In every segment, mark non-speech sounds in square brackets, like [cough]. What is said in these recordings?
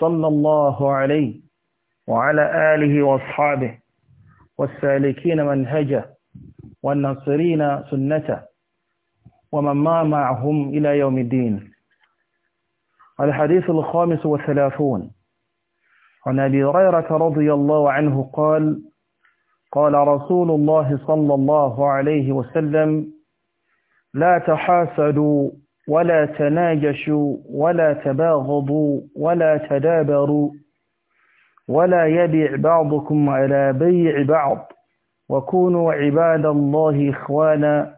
صلى الله عليه وعلى آله وأصحابه والسالكين منهجه والناصرين سنته ومن ما معهم إلى يوم الدين الحديث الخامس والثلاثون عن أبي هريرة رضي الله عنه قال قال رسول الله صلى الله عليه وسلم لا تحاسدوا ولا تناجشوا ولا تباغضوا ولا تدابروا ولا يبع بعضكم على بيع بعض وكونوا عباد الله إخوانا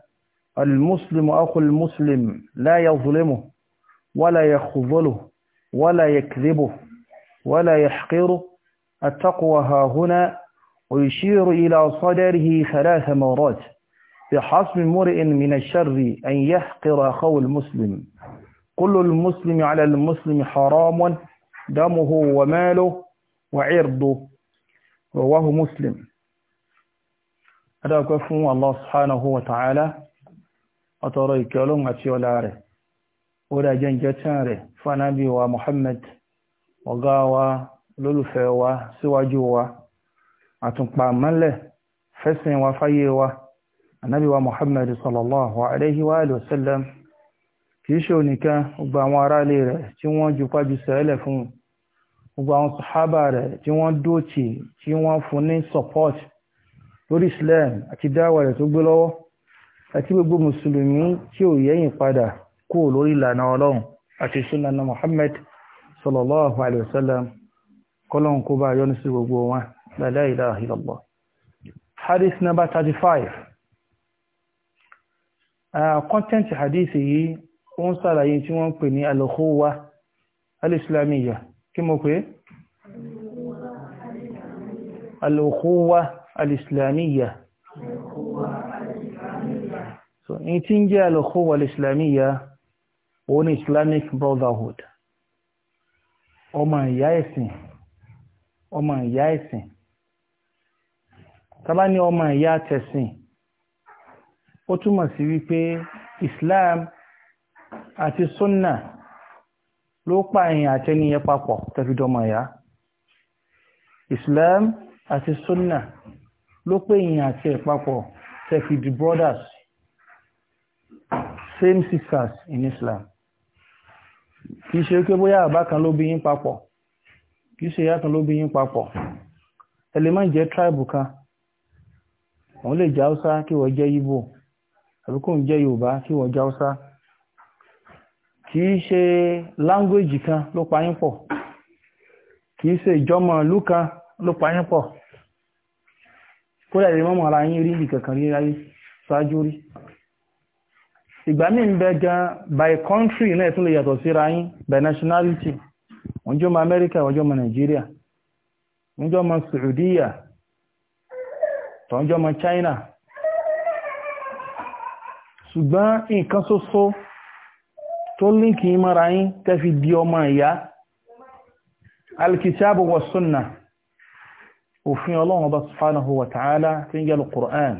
المسلم أخو المسلم لا يظلمه ولا يخذله ولا يكذبه ولا يحقره التقوى ها هنا ويشير إلى صدره ثلاث مرات بحسم مرئ من الشر أن يحقر أخو المسلم كل المسلم على المسلم حرام دمه وماله وعرضه وهو مسلم هذا كفو الله سبحانه وتعالى أتري كلمة يولاره ولا جنجتاره فنبي ومحمد وقاوة للفوة سواجوة أتنقى من له فسن وفيوه anábíwa muhammad sallallahu alaihi wa alihi wasallam kìí ṣe onìkan gbogbo àwọn aráalé rẹ̀ tí wọ́n ju pájú sẹ́lẹ̀ fún gbogbo àwọn sàhábà rẹ̀ tí wọ́n dóòtì tí wọ́n fún ní support lórí islam àti dáwà rẹ̀ tó gbé lọ́wọ́ àti gbogbo mùsùlùmí tí ò yẹ́yìn padà kú lórí ìlànà ọlọ́run àti sunana muhammad sallallahu alaihi wasallam kọ́lọ́n kó bá yọ́nú sí gbogbo wọn la ilaha hadith number 35 kọ́ntẹ́ntì ah, hadith yìí ó ń sàlàyé tí wọ́n ń pè ní alukhuwa alìsìlámìyà kí mo pé alukhuwa alìsìlámìyà so in tí ń jẹ́ alukhuwa alìsìlámìyà ó islamic brotherhood ọmọ ìyá ẹ̀sìn ọmọ ìyá ẹ̀sìn tàbá ní ọmọ ìyá tẹ̀sìn ó túmọ̀ sí wípé islam àti sunna ló pààyàn àtẹniyẹ papọ̀ tẹ́fìdọ́mọ̀ ẹ̀yà islam àti sunna ló pèyàn àti ẹ̀ papọ̀ tẹ́fìdì brothers same sisters in islam kì í ṣe pé bóyá àbá kan ló bí yín papọ̀ kì í ṣe ìyá kan ló bí yín papọ̀ ẹ lè má jẹ́ tribe kan òun lè jẹ́ haúsá kí wọ́n jẹ́ yíbò àbí kò ń jẹ́ yorùbá tí wọ́n jẹ́ haúsá kì í ṣe láńgóèjì kan ló pa yín pọ̀ kì í ṣe ìjọmọ̀ ìlú kan ló pa yín pọ̀ kódà lè mọ́mọ́ ara yín rí ibi kankan rí ráyé ṣáájú rí ìgbà míì ń bẹ gan by country náà tún lè yàtọ̀ síra yín by nationality wọ́n jọ ọmọ amẹ́ríkà wọ́n jọ ọmọ nàìjíríà wọ́n jọ ọmọ saudiya tọ́jọ́ ọmọ china ṣùgbọ́n nǹkan ṣoṣo tó líǹkì mọ́ra yín tẹ́fi di ọmọ ìyá alkitabu wa sunna òfin ọlọ́run ọba subhanahu wa tí ń gẹ́lù qur'an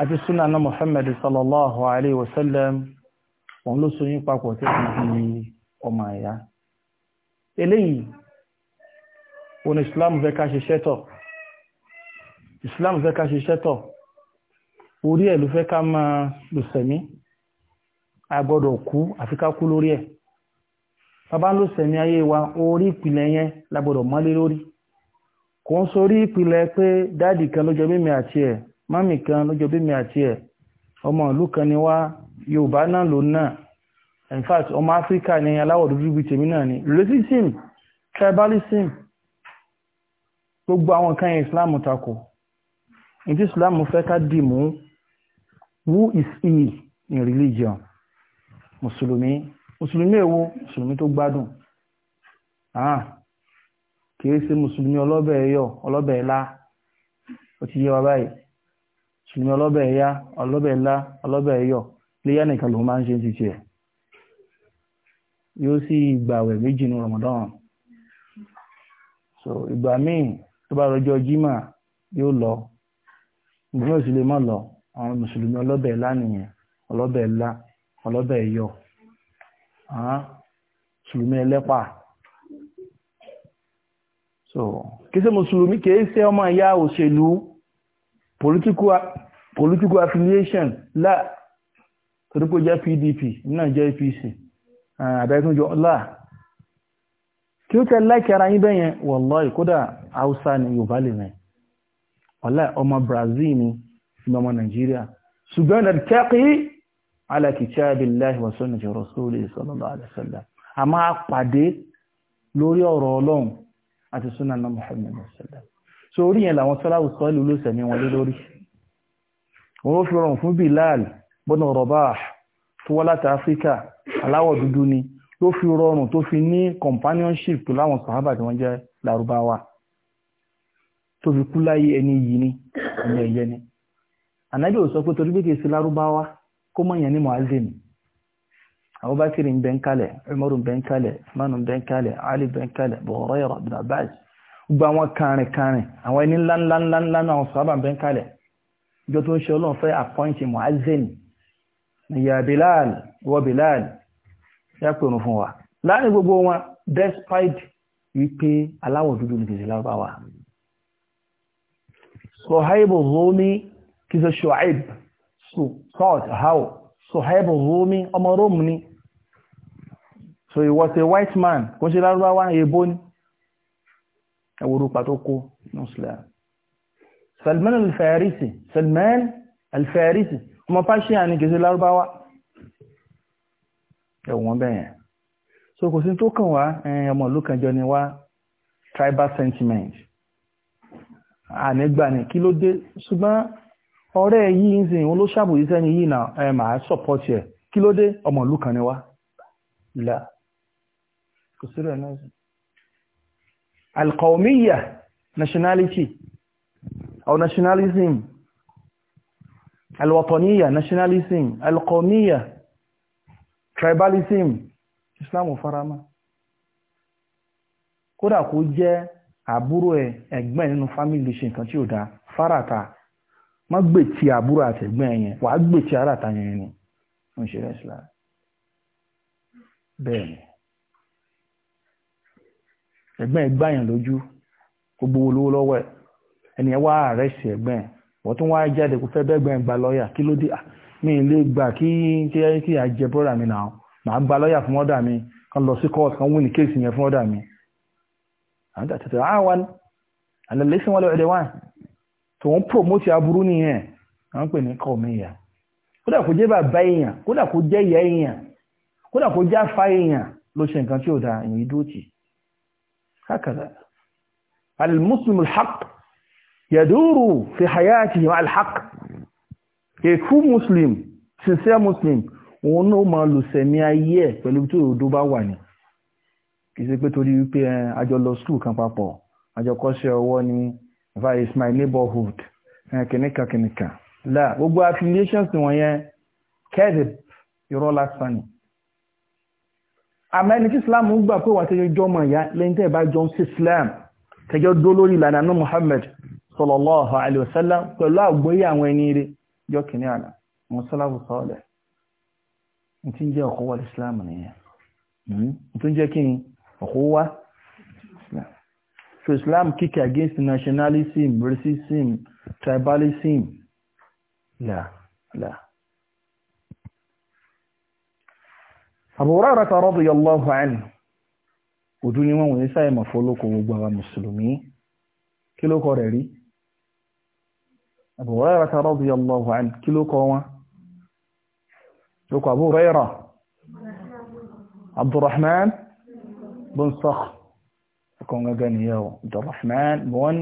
àti sunna na muhammad sallallahu alaihi wasallam wọn ló so yín papọ̀ tí di ọmọ ìyá eléyìí wọn islam fẹ́ islam fẹ́ ká orí ẹ̀ ló fẹ́ ká máa lùsẹ̀mí a gbọ́dọ̀ kú àfi ká kú lórí ẹ̀ bàbá ló sẹ̀mí ayé wa orí ìpìlẹ̀ yẹn la gbọ́dọ̀ mọ́lé lórí kò ń sorí ìpìlẹ̀ pé dáàdì kan ló bímẹ àti ẹ̀ mọ́mì kan ló bímẹ àti ẹ̀ ọmọ ìlú kan ni wá yorùbá náà ló náà in fact ọmọ áfíríkà ni aláwọ̀ dúdú bíi tèmi náà ni racism tribalism gbogbo àwọn kan yẹn islam tako ìdí islam fẹ́ ká dì mú who is he in religion mùsùlùmí mùsùlùmí èwo mùsùlùmí tó gbádùn ah kìí ṣe mùsùlùmí ọlọ́bẹ̀ ẹ̀yọ ọlọ́bẹ̀ ẹ̀lá ó ti yé wa báyìí mùsùlùmí ọlọ́bẹ̀ ẹ̀yá ọlọ́bẹ̀ ẹ̀lá ọlọ́bẹ̀ ẹ̀yọ léyà nìkan ló máa ń ṣe ti tiẹ̀ yóò sì gbàwẹ̀ méjì ní Ramadan so ìgbà míì tó bá rọjò jimá yóò lọ ìgbà míì ò sì lè má lọ àwọn mùsùlùmí ọlọ́bẹ̀ ńlá nìyẹn ọlọ́bẹ̀ ńlá ọlọ́bẹ̀ yọ mùsùlùmí ẹlẹ́pà so kìí ṣe mùsùlùmí kìí ṣe ọmọ ìyá òṣèlú political political affiliation láà torí pé jẹ́ PDP náà jẹ́ APC àbẹ́túnjọ láà kí ó tẹ́ láìkẹ́ ara yín bẹ́yẹn wallahi kódà Hausa ni Yorùbá lè mẹ́ wallahi ọmọ Brazil ni sínú ọmọ nàìjíríà ṣùgbọ́n nàìjíríà ala kitabillahi wa sunnati rasulihi sallallahu alaihi wasallam a máa pàdé lórí ọ̀rọ̀ ọlọ́run àti súnà náà Muhammad sallam so orí yẹn làwọn sọ́láwù sọ́ọ̀lù ló sẹ̀mí wọn lé lórí wọ́n fi rọrùn fún Bilal bọ́nà Rabah tó wá láti Áfíríkà aláwọ̀ dúdú ni ló fi rọrùn tó fi ní companionship pẹ̀lú àwọn sàhábà tí wọ́n jẹ́ Lárúbáwá tó fi kú láyé ẹni yìí ni ẹni ẹ̀yẹ ni ànábì ò sọ pé torí bí kì í sí lárúbáwá kó mọ̀yàn ní mu'azzin abubakar ń bẹ́ ń kalẹ̀ umaru ń bẹ́ ń kalẹ̀ usman ń bẹ́ ń kalẹ̀ ali bẹ́ ń kalẹ̀ buhurayra bin abbas gbogbo àwọn kàrin kàrin àwọn ẹni ńlá ńlá ńlá ńlá náà sábà ń bẹ́ ń kalẹ̀ ìjọ tó ń ṣe ọlọ́run fẹ́ àpọ́ǹtì mu'azzin ìyá bilal wọ bilal yá pé òun fún wa láàrin gbogbo wọn despite wípé aláwọ̀ dúdú ní kìí sí lárúbáwá sọ̀háìbù zomi kìsọ ṣọ́ẹ̀b sọ́ọ̀t how Suhaib Rumi ọmọ Rome so he was a white man kò ṣe lárúbáwá èbó ni ẹwùrúpa tó kó ní islam Salman al-Farisi Salman al-Farisi ọmọ Persia ni kìí ṣe lárúbáwá ẹ̀wọ̀n bẹ́yẹn so kò sí tó kàn wá ọmọ ìlú kan jọ ni wá tribal sentiment ànígbà ni kí ló dé ṣùgbọ́n ọ̀rẹ́ yìí ń sìn ló ṣàbòyí sẹ́ni yìí náà ẹ máa sọ̀pọ̀tì ẹ̀ kí ló dé ọmọ ìlú kan ni wá là kò sí rẹ̀ náà sùn. alqawmiya nationality or nationalism alwataniya nationalism alqawmiya tribalism islam farama kódà kó jẹ́ àbúrò ẹ̀ ẹ̀gbọ́n nínú fámìlì ṣe nǹkan tí ò dáa fárata má gbètì àbúrò àtẹ̀gbọ́n ẹ̀yẹn wàá gbètì ara àtàyàn ẹ̀yẹn ni ó ń ṣe rẹ̀ sílára bẹ́ẹ̀ ni ẹ̀gbọ́n ẹ̀ gbàyàn lójú gbogbo owó lówó lọ́wọ́ ẹ̀ ẹni ẹ̀ wá àrẹ́sì ẹ̀gbọ́n ẹ̀ wọ́n tún wá jáde kó fẹ́ bẹ́ẹ̀ gbọ́n ẹ̀ gba lọ́ọ̀yà kí ló dé mi lè gbà kí kí àjẹ bọ́dà mi náà màá gba lọ́ọ̀yà fún ọ̀dà mi kan lọ sí kọ́ọ̀tù kan wí ní kéèsì yẹn fún ọ̀dà mi àwọn tàtàtà àwọn àlẹ́ lẹ́sìn wọn lọ́ọ̀dẹ̀ wáyé tòun promote aburú nìyẹn à ń pè ní kọ̀ọ̀mẹ́yà kódà kó jẹ́ bàbá èèyàn kódà kó jẹ́ ìyá èèyàn kódà kó jẹ́ afá èèyàn ló ṣe nǹkan tí ó da èyí dúró tì kákàdà alimuslim alhaq yadúrù fi hayati alhaq èkú muslim sincere muslim òun náà máa lò sẹ̀mí ayé ẹ̀ pẹ̀lú tí òdo bá wà ní kì í ṣe pé torí wípé àjọ lọ skul kan papọ̀ àjọ kọ́ṣẹ́ ọwọ́ ni that is my neighborhood eh, kìnìkan kìnìkan la gbogbo affiliations wọ̀nyẹn kẹ́ẹ̀dì irọ́ lásán ni àmọ́ ẹni tí islam ń gbà pé wà tẹ́jọ́ jọmọ̀ ìyá lẹ́yìn tẹ́ bá jọ ń sí islam tẹ́jọ́ dó lórí ìlànà ní muhammad sallallahu alaihi wasallam pẹ̀lú àgbóyé àwọn ẹni rẹ̀ jọ kìíní àná mọ́sálàfù sọ́ọ̀lẹ̀ ní tí ń jẹ́ ọ̀kọ́wà islam nìyẹn hmm? ní tí ń jẹ́ kí ni ọ̀kọ́wà so Islam kick against nationalism racism tribalism la la. Abu Hurairah radiyallahu anhu ojú ni wọ́n wọ́n sáyẹ̀ mọ̀ fọ́lọ́kọ̀ gbogbo àwọn mùsùlùmí kí ló kọ rẹ̀ Abu Hurairah radiyallahu anhu kí ló kọ wọn ló kọ Abu Hurairah Abdurrahman bin Sakhr kan gangan nìyẹn o abdulrahman wọn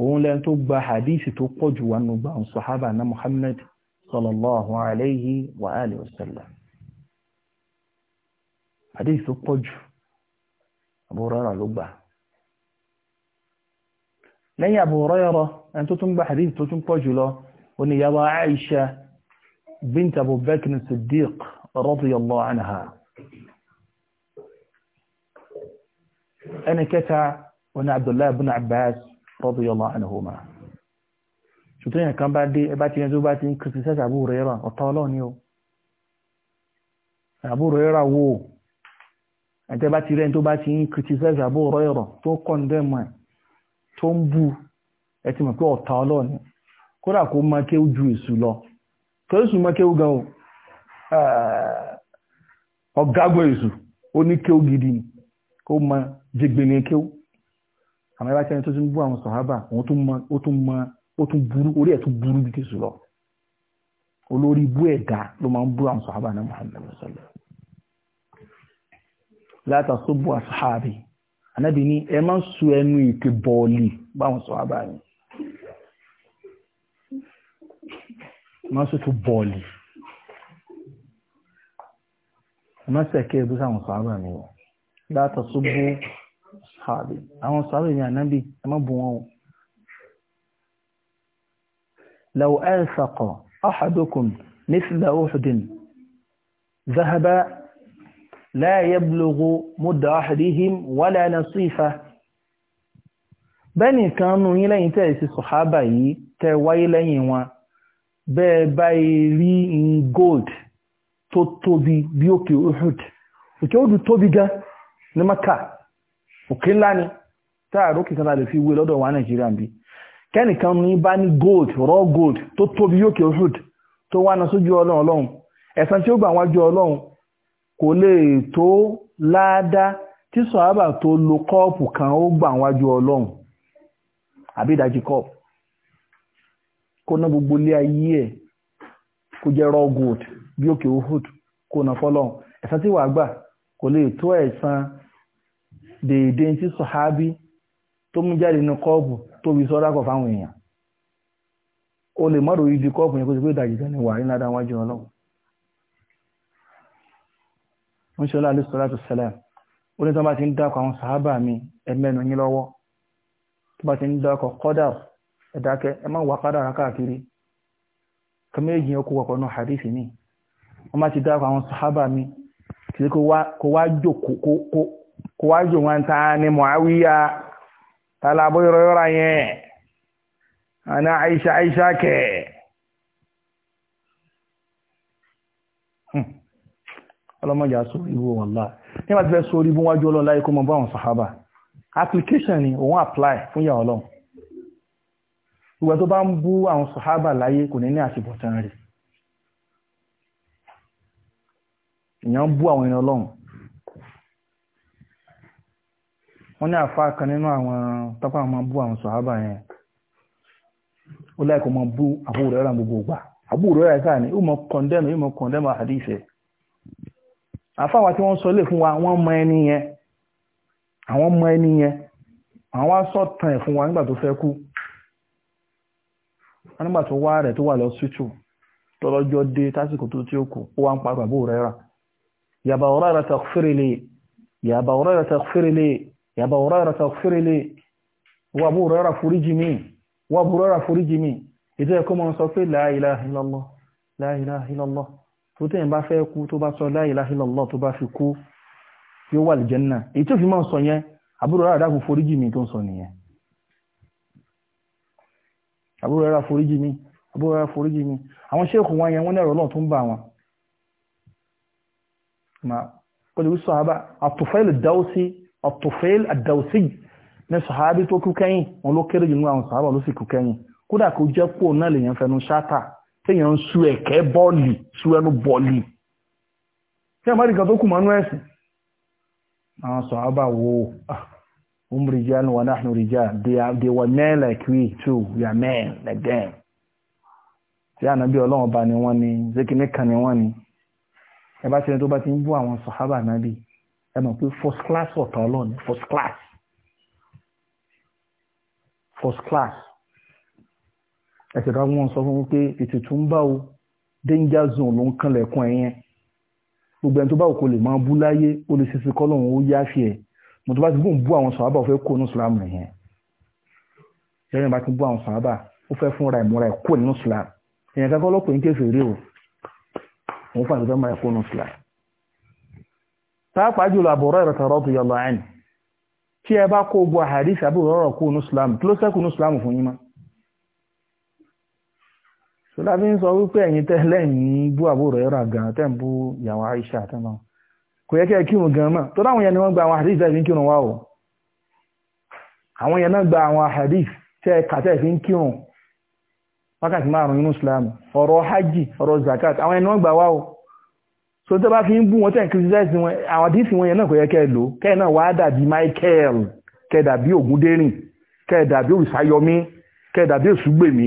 òun lẹ́yìn tó gba hadisi tó pọ̀ jù wà nùgbà ń sọ̀hábà na muhammad sallallahu alayhi wa alihi wa sallam hadisi tó pọ̀ jù Abu Hurairah ló gbà lẹ́yìn Abu Hurairah ẹni tó tún gba hadisi tó tún pọ̀ jù lọ ó ní yàwó aisha bint Abu Bakr as-Siddiq radiyallahu anha ẹni kẹta oní Abdullahi ibn Abbas radiyallahu anhuma ṣùtún yẹn kan bá dé ẹbá ti yẹn tó bá ti ń kìrìtìsẹ́sì Abu Abu Hurairah wo ẹ̀tẹ́ bá ti rẹ́ni tó bá ti ń Abu tó tó ń bu mọ̀ pé ọ̀tá kódà kó ju lọ tó gan o ó ní gidi ni kó jẹgbẹ̀mí kéwú àmọ́ ẹbá tẹ́ni tó tún bú àwọn sọ̀hábà wọn ó tún mọ ó tún burú orí ẹ̀ tún burú bí tẹ̀sù lọ olórí bú ẹ̀dá ló máa ń bú àwọn sọ̀hábà náà Muhammad sallallahu látàsóbù àṣàbì anábì ní ẹ máa ń su ẹnu ètè bọ́ọ̀lì báwọn sọ̀hábà yìí máa ń sọ̀tún bọ́ọ̀lì ẹ máa ń sẹ̀kẹ́ ẹbú sáwọn sọ̀hábà mi látàsóbù sahabi àwọn sahabi ní ànábì ẹ má bù wọn o law anfaqa ahadukum mithla uhudin dhahaba la yablughu mudda ahadihim wala nasifa bani kanu yín lẹ́yìn tẹ́ sí sahaba yi tẹ́ wáyé lẹ́yìn wọn be báyìí rí in gold tó tóbi bí òkè Uhud òkè Uhud tóbi ga ní Maka òkè ńlá ni táàrù kan lè fi wé lọ́dọ̀ wa nàìjíríà bí kẹ́nìkan ní bá ní gold raw gold tó tóbi yókè Uhud tó wá náà sójú ọlọ́run ọlọ́run ẹ̀san tí ó gbà wájú ọlọ́run kò lè tó ládàá tí sọ̀hábà tó lo kọ́ọ̀pù kan ó gbà wájú ọlọ́run àbí ìdajì kọ́ọ̀pù kó ná gbogbo ilé ayé ẹ̀ kó jẹ́ raw gold bí òkè Uhud kó ná fọ́lọ́run ẹ̀san tí wàá gbà kò lè tó dèédé tí sọ̀hábí tó mú jáde nínú kọ́ọ̀bù tó fi sọ́dá kọ̀ fáwọn èèyàn o lè mọ́rò ibi kọ́ọ̀bù yẹn kó ti pé ìdajì kan ní wà nínú adáwájú ọlọ́run ń ṣe ọlọ́run sọ́látù sẹ́lẹ̀ ó ní tó bá ti ń dákọ̀ àwọn sàhábà mi ẹ̀mẹ́nu yín lọ́wọ́ tó bá ti ń dákọ̀ kọ́dà ẹ̀dákẹ́ ẹ má wà kádàrá káàkiri kọ́mẹ́jì yẹn kó wọ̀pọ̀ náà hadithi ni wọ́n bá ti dákọ̀ àwọn sàhábà mi kì í kó wá jòkó kó wá jù wọn ta ni Muawiya tálábó ìrọ̀yọ́ra yẹn àná Aisha Aisha kẹ̀ hmm. ọlọ́mọdé aṣọ ìwò wàlá nígbà tí fẹ́ sórí bí wọ́n jọ ọlọ́lá ikú mọ́ bá wọn sàhábà application ni òun apply fún yà ọlọ́run ìwà tó bá ń bú àwọn sàhábà láyé kò ní ní àṣìbọ̀tán rẹ̀ èèyàn ń bú àwọn ẹni ọlọ́run wọ́n ní àfáà kan nínú àwọn tọ́pá àwọn bú àwọn sọ̀hábà yẹn ó bú àbúrò gbogbo àbúrò ni ó mọ kọ̀ndẹ́mù ó mọ àdìsẹ̀ àfáà wa tí wọ́n sọ lè fún wa wọ́n mọ ẹni yẹn àwọn mọ ẹni yẹn àwọn wá tan ẹ̀ fún wa nígbà tó fẹ́ kú wọ́n nígbà tó wá rẹ̀ tó wà lọ sítù tọ́lọ́jọ́ dé tásìkò tó tí ó kù ya Abu Hurairah taghfir li wa Abu Hurairah foríjì mi wa Abu Hurairah foríjì mi ìdí ẹ̀kọ́ mọ́ sọ pé la ilaha illallah la ilaha illallah tó tẹ́yìn bá fẹ́ kú tó bá sọ la ilaha illallah tó bá fi kú yóò wà l'Aljanna èyí tó fi máa sọ yẹn Abu Hurairah dákun foríjì mi tó ń sọ At-Tufail ad-Dawsi ní sàhábí tó kú kẹ́yìn wọn ló kéré jù ní àwọn sàhábà ló sì kú kẹ́yìn kódà kó jẹ́ pò náà lèèyàn fẹnu ṣáta téèyàn ń su ẹ̀kẹ́ bọ́ọ̀lì su ẹnu bọ́ọ̀lì tí àwọn àdìgbà tó kù mọ́nú ẹ̀sìn àwọn sàhábà wo um rijal wa nahnu rijal they, are, they were men like we too we are men like them tí ànábì ọlọ́run ọba ni wọ́n ni zékiní kan ni wọ́n ni ẹ bá ti ní tó bá ti ń bú àwọn sàhábà náà bíi ẹ mọ̀ pé first class ọ̀tá ọlọ́run ni first class first class ẹ̀sẹ̀ tó wọ́n sọ fún pé ètò tó ń bá o danger zone ló ń kanlẹ̀kùn ẹ̀yẹn gbogbo ẹni tó bá òkò lè máa bú láyé ó lè ṣe sí kọ́lọ́run ó yá fi ẹ̀ mo tó bá ti bóun bú àwọn sàábà ó fẹ́ kó nínú Islam nìyẹn lẹ́yìn bá ti bú àwọn sàábà ó fẹ́ fúnra ìmúra ẹ̀ kó nínú Islam èèyàn kankan ọlọ́pàá ń kéfèé rí o òun fàṣẹ pàápàá jùlọ Abu Hurairah radiyallahu anhu tí ẹ bá kó gbọ́ hadith Abu Hurairah kú ní Islam kí ló sẹ́kù ní Islam fún yín mọ́ sọlábí ń sọ wípé ẹ̀yin tẹ́lẹ̀ ń bú Abu Hurairah gan tẹ́ ń bú ìyàwó Aisha àtẹ́mọ́ kò yẹ kí ẹ kírun àwọn hadith gba àwọn hadith tẹ́ ẹ kàtẹ́ ẹ̀fín kírun wákàtí márùn-ún inú Islam ọ̀rọ̀ hajj ọ̀rọ̀ zakat àwọn yẹn ni gba wá so tó bá fi ń bú wọn tẹ́ǹ criticize wọn àwọn àdìsí wọn yẹn náà kò yẹ kẹ́ ẹ lò kẹ́ ẹ náà wàá dàbí Michael kẹ́ ẹ dàbí Ògúndérìn kẹ́ ẹ dàbí Òrìṣàyọmí kẹ́ ẹ dàbí Òṣùgbèmí.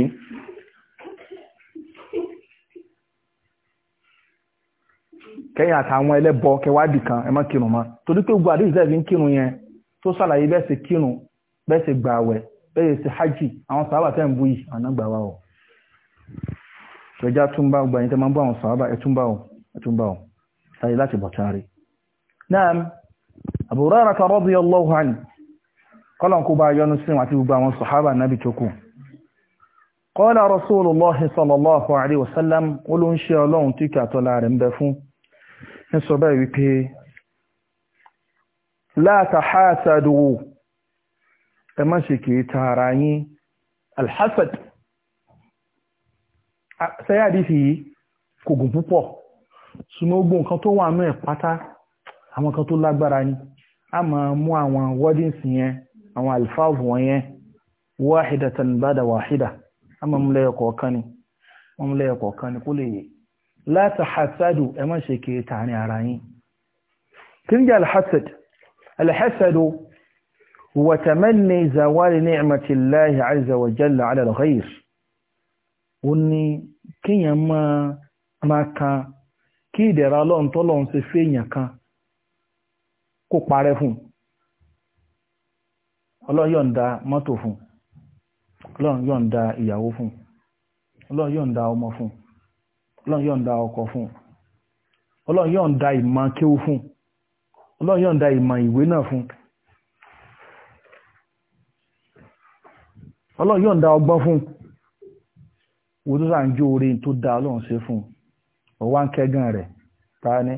kẹ́yìn àtàwọn ẹlẹ́bọ kẹwàádìí kan ẹ má kírun mọ́ torí pé gbogbo àdìsí tẹ́ẹ̀ fi ń kírun yẹn tó ṣàlàyé bẹ́ẹ̀ ṣe kírun bẹ́ẹ̀ ṣe gbààwẹ̀ bẹ́ẹ̀ ṣe hajj àwọn sàábà tẹ́ ń bú yìí àná gbà wá o. ìjọba túnbà gbà yín tẹ́ máa ń bú àwọn sàábà ẹ̀ o ẹ̀ o. سيلات بطاري نعم أبو هريرة رضي الله عنه قال أنكو بايون السلام عتيب بايون الصحابة النبي تكون قال رسول الله صلى الله عليه وسلم قلوا إن شاء الله أنتك أتولى رمبفون نسبة ويبي لا تحاسدوا كما شكي تهراني الحسد سيادي في كوغمبوبو ṣùgbọ́n gbogbo nǹkan tó wà nú ẹ̀ pátá àwọn kan tó lágbára ni a máa mú àwọn wordings yẹn àwọn alfáàfù wọn yẹn wahidatan bada wahida a máa mú lẹ́yọ̀ kọ̀ọ̀kan ni wọ́n mú lẹ́yọ̀ kọ̀ọ̀kan ni kó lè yẹ láti hasadu ẹ má ṣe kiri tààrin ara yín kí alhassad alhassadu wàtàmẹ́ni zawali ní ìmàtìláyà àìzàwàjẹ́lá alàlọ́gáyìr ó ní kíyàn máa kan kí ìdẹ̀ra ọlọ́run tọ́lọ́run ṣe fèèyàn kan kó parẹ́ fún un. ọlọ́run yóò ń da mọ́tò fún un. ọlọ́run yóò ń da ìyàwó fún un. ọlọ́run yóò ń da ọmọ fún un. ọlọ́run yóò ń da ọkọ fún un. ọlọ́run yóò ń da ìmọ̀ kéwú fún un. ọlọ́run yóò ń da ìmọ̀ ìwé náà fún un. ọlọ́run yóò ń da ọgbọ́n fún un. wo tó sà ń jó oore tó dáa ọlọ́run ṣe fún un òun wá ń kẹ́gàn rẹ̀ ta ni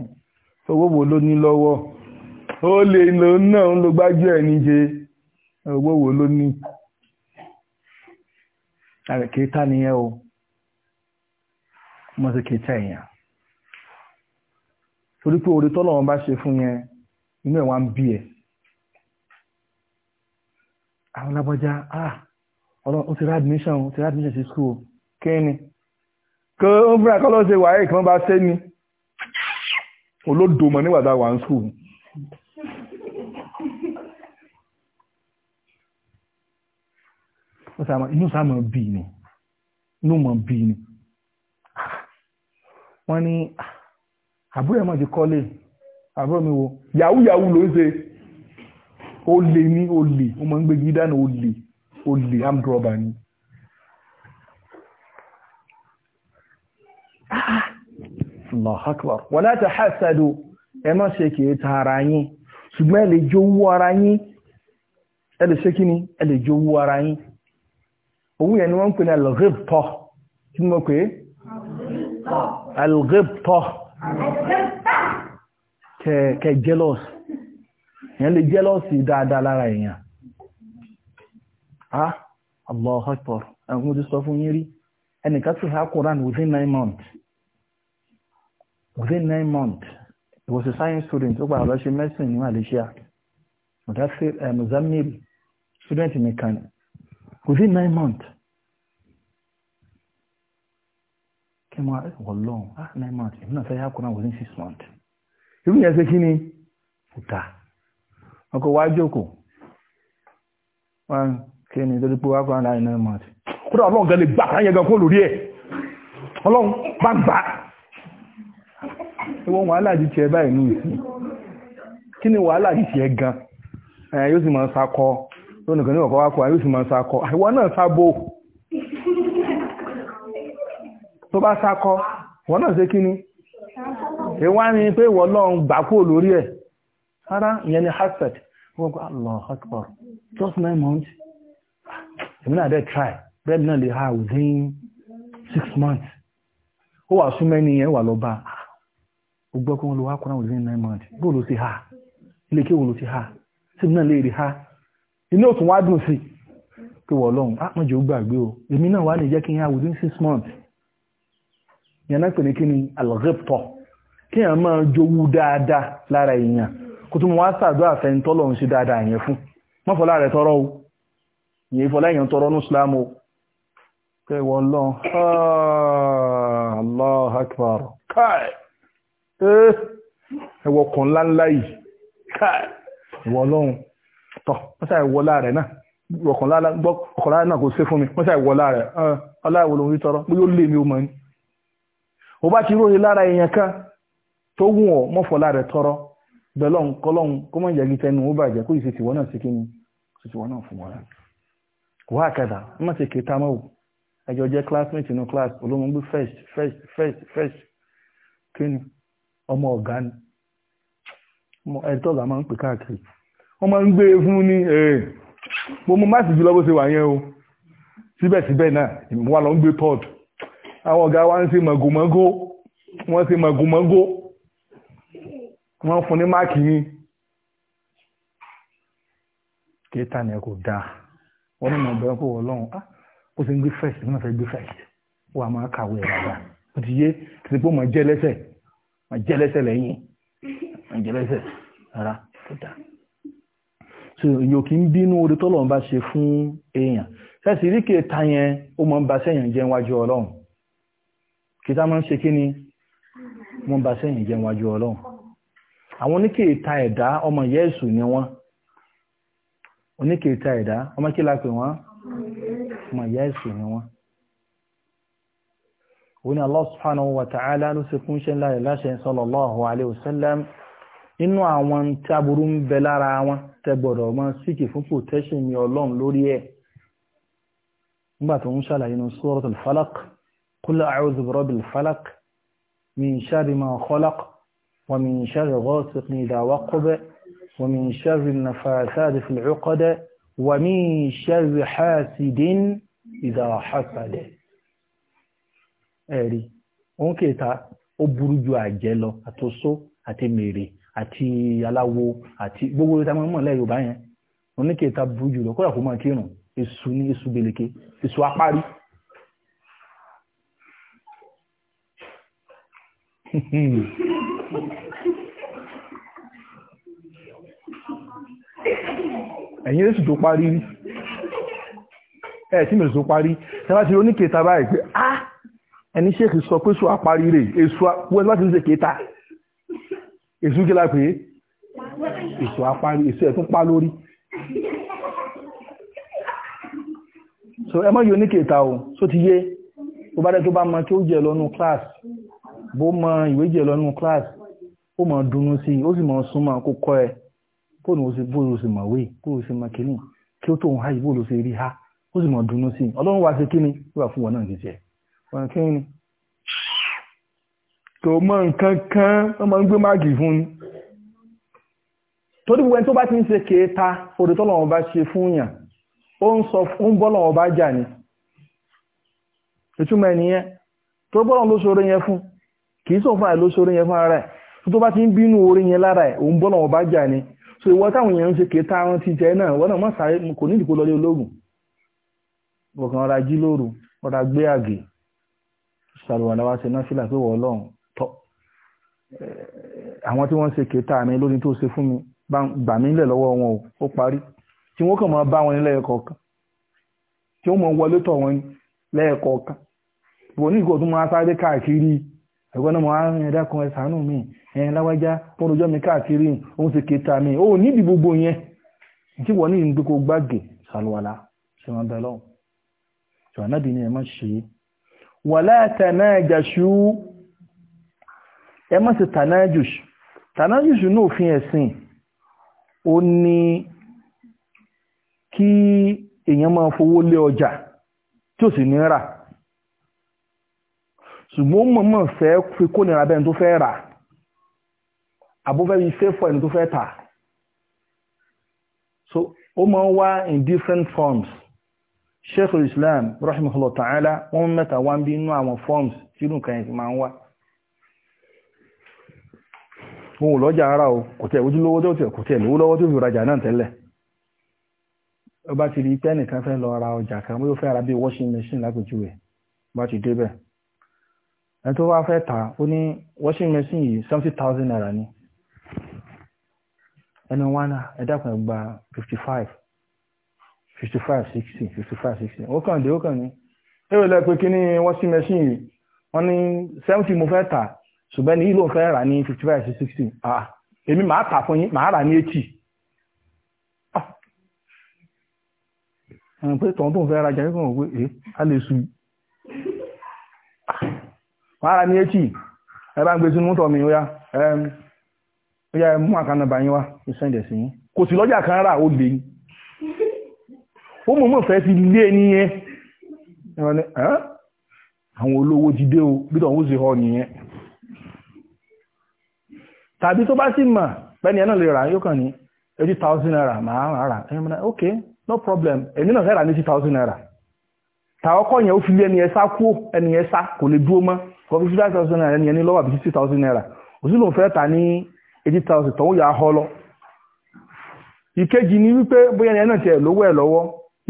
owó wo ló ní lọ́wọ́ ó lè lò náà ń lo gbájú ẹ̀ níje owó wo ló ní kìíta nìyẹn o mo sì kìíta èèyàn torí pé orí tọ́lọ́wọ́n bá ṣe fún yẹn inú ẹ̀ wá ń bí ẹ̀ àwọn lábọ́já ah ọlọ́run ó ti rá admission ó ti rá admission sí school kí ni kó ń fúnra kọ́ lọ́ọ́ ṣe wàhálà kí wọ́n bá ṣe ni olódò mọ̀ nígbà tá a wà ń skul. inú sáàmù bì ni inú mọ̀ bì ni wọ́n ní àbúrò ẹ̀ mọ̀ ti kọ́lé àbúrò mi wo yahoo yahoo ló ń ṣe ó lè ní ó lè ó máa ń gbégi dáná ó lè ó lè amdrọba ni. Allah akbar wala tahasadu ẹ má ṣe kìí ta ara yín ṣùgbọ́n ẹ lè jowó ara yín ẹ lè ṣe kí ni ẹ lè jowó ara yín òun yẹn ni wọ́n ń pè ní al-ghibtah kí ni mo pè é al-ghibtah kẹ jealous èèyàn lè jealous dáadáa lára èèyàn ah within nine months within nine months he was a science student ó padà lọ ṣe medicine ní Malaysia Mozambique eh, student nìkan within nine months kí wọ́n long? ah nine months ìlú náà fẹ́ yá kúrò within six months irú yẹn ṣe kí ni òtà ọkọ̀ wá jókòó wọ́n kí ni torí pé wá kúrò láàrin nine months kúrò ọlọ́run gan lè gbà káyẹ̀ gan kó lórí ẹ̀ ọlọ́run bá gbà ìwọ̀n wàhálà ti tiẹ̀ báyìí ní ìsìn kí ni wàhálà ti tiẹ̀ gan yóò sì máa sakọ lónìkan ní ọ̀kọ́ wá yóò sì máa sakọ náà sábò tó bá sakọ náà ṣe kí ni ìwá ni pé ìwọ gbà lórí ẹ̀ rárá ìyẹn ni wọ́n kọ́ just nine months èmi náà dẹ̀ try bẹ́ẹ̀ náà lè ha within six months ó wà súnmẹ́ni yẹn wà lọ́ba ó gbọ́ pé wọ́n lo akọ́nà within nine months bóòlù ti ha ilé kí wòlù ti ha síbi náà lè rí ha inú òtún wá dùn sí pé wọ́n lọ́hùn ah, ápọ̀jọ́ ó gbàgbé o èmi náà wà ní jẹ́ kí n ha within six months yẹn náà pè ní kí ni alọ́gẹ́pọ̀ kí èèyàn máa jowú dáadáa lára èèyàn kó tún wá sàdó àfẹnitọ́ lọ́hùn sí dáadáa yẹn fún mọ́fọ́lá rẹ̀ tọrọ o yẹn ìfọ́lá èèyàn tọrọ ní Islam o pé wọ́n lọ́hùn ah, Allah akbar káì Eh, ẹwọ kan ńláńlá yìí ìwọ ọlọ́run tọ́ wọ́n ṣáà wọ láàrẹ̀ náà ọkàn lára gbọ́ ọkàn lára náà kò ṣe fún mi wọ́n ṣáà wọ láàrẹ̀ ọláìwọ lòun rí tọrọ pé yóò lé mi ó mọ ni o bá ti róye lára èèyàn kan tó wù ọ́ mọ́fọ́ láàrẹ̀ tọrọ bẹ́ẹ̀ lọ́n kọ́lọ́n kó mọ̀ ìyàgì tẹnu ó bàjẹ́ kó ìṣètì wọn náà sí kíni ìṣètì wọn náà fún wọn rẹ̀ kò wá àkàdà wọ́n má ṣe ké tá mọ́wò ẹjọ́ jẹ́ classmate first first first first kíni ọmọ ọ̀gá ni ẹ̀tọ́ ọ̀gá máa ń pè káàkiri wọ́n máa ń gbé e fún ní mo mú máàsì jùlọ bó ṣe wà yẹn o síbẹ̀síbẹ̀ náà wà lọ ń gbé tọ́ọ̀dù àwọn ọ̀gá wa ń ṣe màgòmágó wọ́n ṣe màgòmágó wọ́n fún ní máàkì yín kéétà ni ẹ kò dáa wọ́n ní màá bẹ̀rẹ̀ kó wọ́n lọ́hùn ah ó ṣe ń gbé fẹ́ẹ̀sì wọ́n náà fẹ́ gbé fẹ́ẹ̀sì wọ́n á máa kàwé ẹ̀ dáadáa ó ti yé kí ni pé ó máa jẹ́ lẹ́sẹ̀ Ma jẹ́lẹ́sẹ̀ lẹ́yìn ma jẹ́lẹ́sẹ̀ rárá tó dáa so èyàn kì í bínú orí tọ́lọ́run bá ṣe fún èèyàn sẹ́sì ríkè ta yẹn ó mọ̀ ń ba sẹ́yìn jẹ́ wájú ọlọ́run kì í máa ń ṣe kí ni mọ̀ ń ba sẹ́yìn jẹ́ wájú ọlọ́run àwọn oníkèéta ẹ̀dá ọmọ yẹ́sù ni wọ́n oníkèéta ẹ̀dá ọmọ kí la pè wọ́n ọmọ yẹ́sù ni wọ́n وإن الله سبحانه وتعالى نسك من شأن الله لله شأن صلى الله عليه وسلم إنو عوان تابرون بلار عوان تابرون ما سيكي فنفو تشم يولون لوريه مباتو إن شاء الله إنو سورة الفلق قل أعوذ برب الفلق من شر ما خلق ومن شر غاسق إذا وقب ومن شر النفاثات في العقد ومن شر حاسد إذا حسد ẹ̀rí òun kèta ó burú ju àjẹ́ lọ àtòsó àti mèrè àti aláwo àti gbogbo ìta mọ́ mọ́lẹ̀ yorùbá yẹn oníkèta burú jù lọ kódà kó máa kírun èṣù ní èṣù gbèlèké èṣù apárí. [laughs] ẹ̀yin èṣù tó parí rí ẹ̀ tí mèrè tó parí tí a bá ti rí oníkèta báyìí pé ah ẹni ṣéèkì sọ pé sọ àparí rè èso wẹ́n láti ń ṣe kéta èso kí la pè é èso àparí èso ẹ̀ tún pa lórí so ẹ mọ́ yóò ní kéta o so ti yé tó bá dẹ́ tó bá mọ kí ó jẹ lọ́nu class bó mọ ìwé jẹ lọ́nu class ó mọ dùnnú sí ó sì mọ súnmọ́ kó kọ́ ẹ bóòlù ó sì bóòlù ó sì mọ̀ wéè bóòlù ó sì mọ̀ kíní kí ó tóun ha yìí bóòlù ó sì rí ha ó sì mọ dùnnú sí ọlọ́run wá sí kíní ó wà fún wọn náà jíjẹ wọ̀nkín kò mọ nǹkan kan wọ́n máa ń gbé máàgì fún ni torí gbogbo tó bá ti ń ṣe kéta orí tọ́lọ̀wọ̀n bá ṣe fún yàn ó ń sọ fún bọ́lọ̀wọ̀n bá jà ní ìtumọ̀ ẹniyẹn tó bọ́lọ̀ ló ṣoore yẹn fún kìí sọ fún àìló ṣoore yẹn fún ara ẹ̀ tó bá ti ń bínú orí yẹn lára ẹ̀ òun bọ́lọ̀wọ̀n bá jà ní so ìwọ táwọn èèyàn ń ṣe kéta wọn ti jẹ náà wọn náà mọ̀ sáré kò ní ìdìkò lọlé ológun ọkàn ọ̀rà jí lóru ọ̀rà àgè ṣàlùwàlá wa ṣe náfìlà pé wọ́n ọlọ́run tọ́ àwọn tí wọ́n ń ṣe kéta mi lórí tó ṣe fún mi gbà mí lẹ̀ lọ́wọ́ wọn ó parí tí wọ́n kàn máa bá wọn nílẹ̀ kọ̀ọ̀kan tí wọ́n máa wọlé tọ̀ wọn lẹ́ẹ̀kọ̀ọ̀kan ìwọ̀n ní ìgò máa sáré káàkiri ẹ̀gbọ́n náà máa ń ẹ̀dá kan ẹ̀sánú mi ẹ̀yìn láwájá tó rojọ́ mi káàkiri òun sì kéta mi ó níbi gbogbo yẹn tí wọ́n ní ìgbé kó gbàgè ṣàlùwàlá ṣe wọn bẹ lọ́wọ́ ṣùgbọ́n bí ni ẹ má ṣe é wala tanajashu ẹ má ṣe tanajush tanajush ní òfin ẹ̀sìn ó ní kí èèyàn máa fowó lé ọjà tí ó sì ní rà ṣùgbọ́n mọ̀mọ́ fẹ́ fi kó nira bẹ́ẹ̀ tó fẹ́ rà àbúfẹ́ yìí fọ́ ẹni tó fẹ́ tà so ó máa wá in different forms sheikh islam rahimahullah ta'ala wọ́n mẹ́ta wá ń bí inú forms sínú kàyẹ̀ sí máa ń wá ohun lọ́jà ara o kò tẹ̀ ojúlówó tó tẹ̀ kò tẹ̀ lówó lọ́wọ́ tó fi rajà náà tẹ́lẹ̀ ó bá ti rí pé ẹnìkan fẹ́ lọ ra ọjà kan ó fẹ́ ra bí washing machine lápèjúwe bá ti débẹ̀ ẹni tó wá fẹ́ ta ó ní washing machine yìí seventy naira ni ẹni wá náà gba fifty 55, 60, sixty fifty five sixty ó kàn dé ó kàn ní èrò lẹ pé kí ni wọ́n sí mẹ́sìn yìí wọ́n ní seventy mo fẹ́ tà ṣùgbọ́n ní ìlò fẹ́ rà ní fifty five sí sixty ah èmi màá tà fún yín màá rà ní eighty ah ẹ̀rìn pé tọ̀hún tó ń fẹ́ rajà yìí kàn pé èé a lè su màá rà ní eighty ẹ bá ń gbé sínú mọ́tò mi ó yá ẹ ó yá ẹ mú àkànnà bá yín wá ó sẹ́ǹdẹ̀ sí yín kò sí lọ́jà kan rà ó lè yín ó mọ̀mọ́ fẹ́ fi lé nìyẹn àwọn olówó ti dé o bí tọ̀hún ṣe họ nìyẹn tàbí tó bá sì mà bẹ́ni ẹ̀ náà lè rà yóò kàn ní eighty thousand naira máa rà ẹ̀yìn mọ́ná ok no problem èmi náà fẹ́ rà ní eighty thousand naira tàwọ́kọ́ yẹn ó fi lé ẹni ẹ̀sá kú ẹni ẹ̀sá kò lè dúró mọ́ kò fi fifty thousand naira ẹni ẹni lọ́wọ́ àbí sixty thousand naira òsínú fẹ́ ta ní eighty thousand tọ̀hún yà á họ́ lọ ìkejì ni wípé bóyá ẹni ẹ̀ náà tiẹ̀ lówó ẹ̀ lọ́wọ́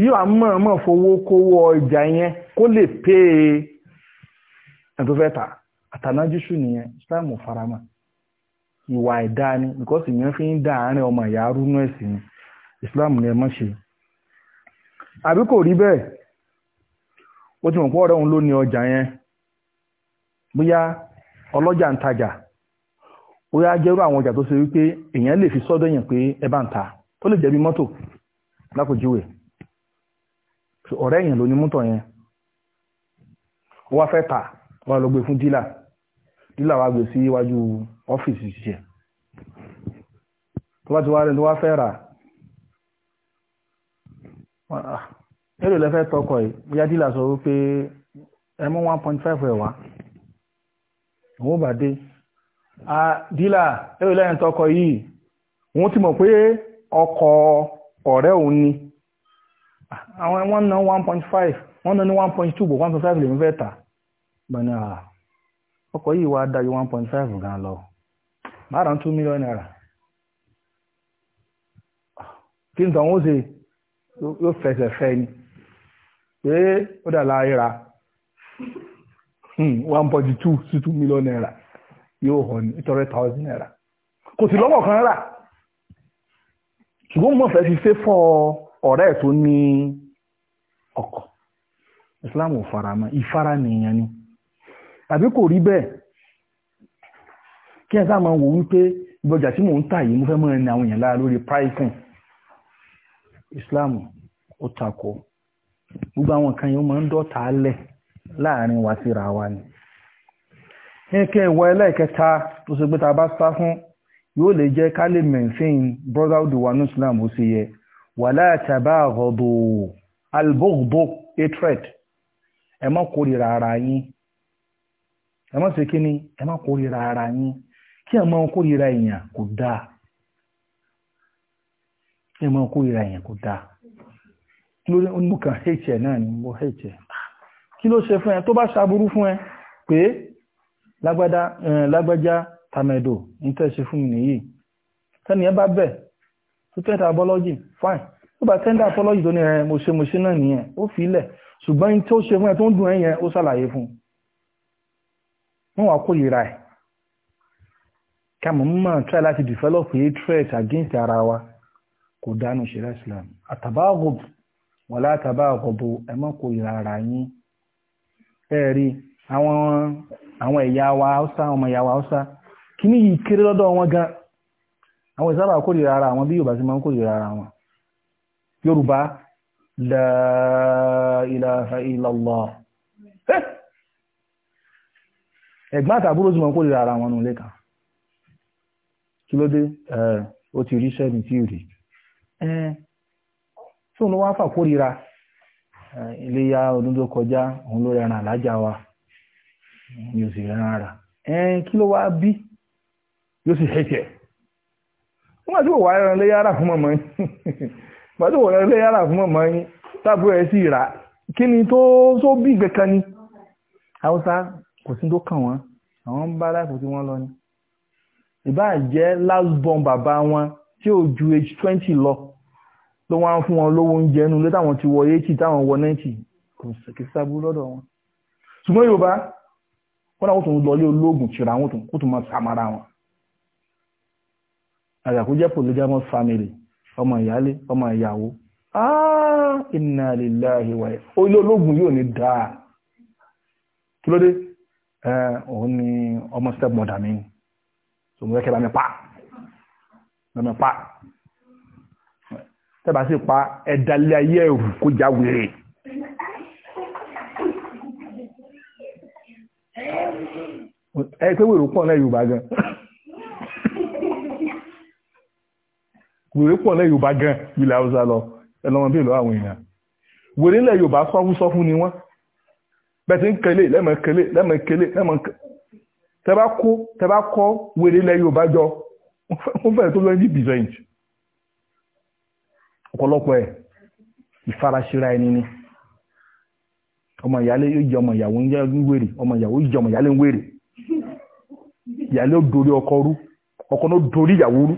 yóò àmọ́ọ̀mọ́ fowó kówó ọjà yẹn kó lè pé ẹ̀ tó fẹ́ ta àtànájúṣù nìyẹn farama ìwà ẹ̀dá ni ń dá àárín ọmọ ìyá arúnú ẹ̀sìn islam ni ẹ má ṣe àbí kò rí bẹ́ẹ̀ ní ọjà yẹn bóyá ọlọ́jà ń tajà bóyá jẹ́rú wípé èèyàn lè fi sọ́dọ̀ pé ẹ bá ń ta ó lè jẹ́ ọ̀rẹ́ yẹn ló ní mọ́tò yẹn ó wá fẹ́ tà wá lọ gbé fún dílà dílà wa gbé sí iwájú ọ́fíìsì tiẹ̀ tó bá ti wá rẹ̀ ló wá fẹ́ rà èrò ah, lẹ́fẹ́ tọkọ̀ yìí bóyá dílà sọ wípé ẹ mú one point five ẹ̀ wá òun bá dé dílà èrò lẹ́yìn tọkọ̀ yìí òun ti mọ̀ pé ọkọ̀ ọ̀rẹ́ òun ni àwọn wọ́n ná one point five wọ́n ná ní one point two bò one point five lèmi fẹ́ tà bẹ́ẹ̀ni à ah, ọkọ̀ yìí wàá dájú one point five gan lọ máa two million naira kí n tàn ó ṣe yóò fẹsẹ̀ fẹ́ ni pé ó dà láàyè ra hmm, one point two sí two million naira yóò hàn ní three thousand naira kò sí lọ́wọ́ kan rà ṣùgbọ́n mo fẹ́ fi fẹ́ fọ́ ọ ọ̀rẹ́ ẹ̀ tó ní ọkọ̀ islam ò fara mọ́ ìfara nìyẹn ni tàbí kò rí bẹ́ẹ̀ kí ẹ sáà máa wò wípé ìbọjà tí mò ń tà yìí mo fẹ́ máa ní àwọn èèyàn lára lórí pricing islam ó takò gbogbo àwọn kan yóò máa ń dọ́ta lẹ̀ láàrin wa síra wa ni ẹ̀kẹ́ ìwọ ẹlẹ́ẹ̀kẹta tó ṣe pé ta bá sá fún yóò lè jẹ́ ká lè brotherhood wa ní islam ó sì yẹ wàlá tabaghadu albughdu hatred ẹ má kórìíra ara yín ẹ má ṣe kíni ẹ má kórìíra ara yín kí ẹ má kórìíra èèyàn kò dáa kí ẹ má kórìíra èèyàn kò dáa kí ló ní mo kàn hẹ̀ẹ́ náà ni mo hẹ̀ẹ́ kí ló ṣe fún ẹ tó bá ṣàbúrú fún ẹ pé lágbájá tàmẹ̀dò ń tẹ́ ṣe fún mi nìyí tẹ́niyàn bá bẹ̀ student abọ́lọ́jì fine ó bá tẹ́ndà abọ́lọ́jì tó ní ẹ eh, mo ṣe mo ṣe náà nìyẹn ó fi ilẹ̀ ṣùgbọ́n tí ó ṣe fún ẹ tó ń dùn ẹ yẹn ó ṣàlàyé fún un wọ́n wá kó ìra ẹ̀ ká mọ̀ mọ̀ try láti develop hatred against ara wa kò dánú ṣe Islam àtàbáàgòb wọ́n látàbáàgòbò ẹ mọ̀ kó ìra ara yín ẹ rí àwọn àwọn ẹ̀yà wa Hausa ọmọ ẹ̀yà wa Hausa kí ni yìí kéré lọ́dọ̀ wọn gan-an àwọn ìsábà kórìíra ara wọn bí yorùbá sí máa ń kórìíra ara wọn yorùbá la ilaha illallah ẹ̀gbọ́n àtàbúrò sí máa ń kórìíra ara wọn nù lẹ́ka kí ló dé ó ti rí sẹ́ni tí ò rí tí òun ló wá fà kórìíra iléyà ọdún kọjá òun ló rẹran àlájá wa mi sì rẹran ara kí ló wá bí yóò sì hẹ́tì nígbà tí òwò ẹran lé yàrá fún mọ̀mọ́ yín nígbà tí òwò ẹran lé yàrá fún mọ̀mọ́ yín tábù ẹ̀ sì rà kí ni tó tó bí ìgbẹ́kan ni haúsá kò sí tó kàn wọ́n àwọn ń bá láìpò tí wọ́n lọ ni ìbáà last born bàbá wọn tí ò ju age twenty lọ ló wá ń fún wọn lówó oúnjẹ inú ilé táwọn ti wọ eighty táwọn wọ ninety kò sì sábú lọ́dọ̀ wọn ṣùgbọ́n Yorùbá wọn náà wọ́n tún lọ lé olóògùn tìrà wọn kó tún máa sàmàrà wọn àgbàkú jẹ́ polygamous family ọmọ ìyálé ọmọ ìyàwó ah inna lillahi wa ilé ológun yóò ní dáa kí ló dé eh, òun ni ọmọ step mother mi so mo kẹ́kẹ́ bá mi pa bá mi pa tẹ́bà sí pa ẹ̀dálẹ́ ayé ẹ̀rù kó já wèrè ẹ pé wèrè pọ̀ náà Yorùbá gan-an. wèrè pọ̀ lẹ́ yorùbá gan ilẹ̀ haúsá lọ ẹlọ́mọ bí ìlú àwọn èèyàn wèrè ńlẹ̀ yorùbá sọ́fúnsọ́fún ni wọ́n bẹ́ẹ̀ ti ń kẹlé lẹ́mọ̀ kẹlé lẹ́mọ̀ kẹlé lẹ́mọ̀ tẹ bá kó tẹ bá kọ́ wèrè ńlẹ̀ yorùbá jọ [laughs] wọ́n fẹ́ẹ̀ tó lọ ní bìzẹ́ǹtì ọ̀pọ̀lọpọ̀ ẹ̀ ìfaraṣíra ẹni ni ọmọ ìyálé yóò jẹ ọmọ ìyàwó ń jẹ́ ń wèrè ọmọ ìyàwó yóò jẹ ọmọ ìyálé ń wèrè ìyálé ó dorí ọkọ rú ọkọ náà dorí ìyàwó rú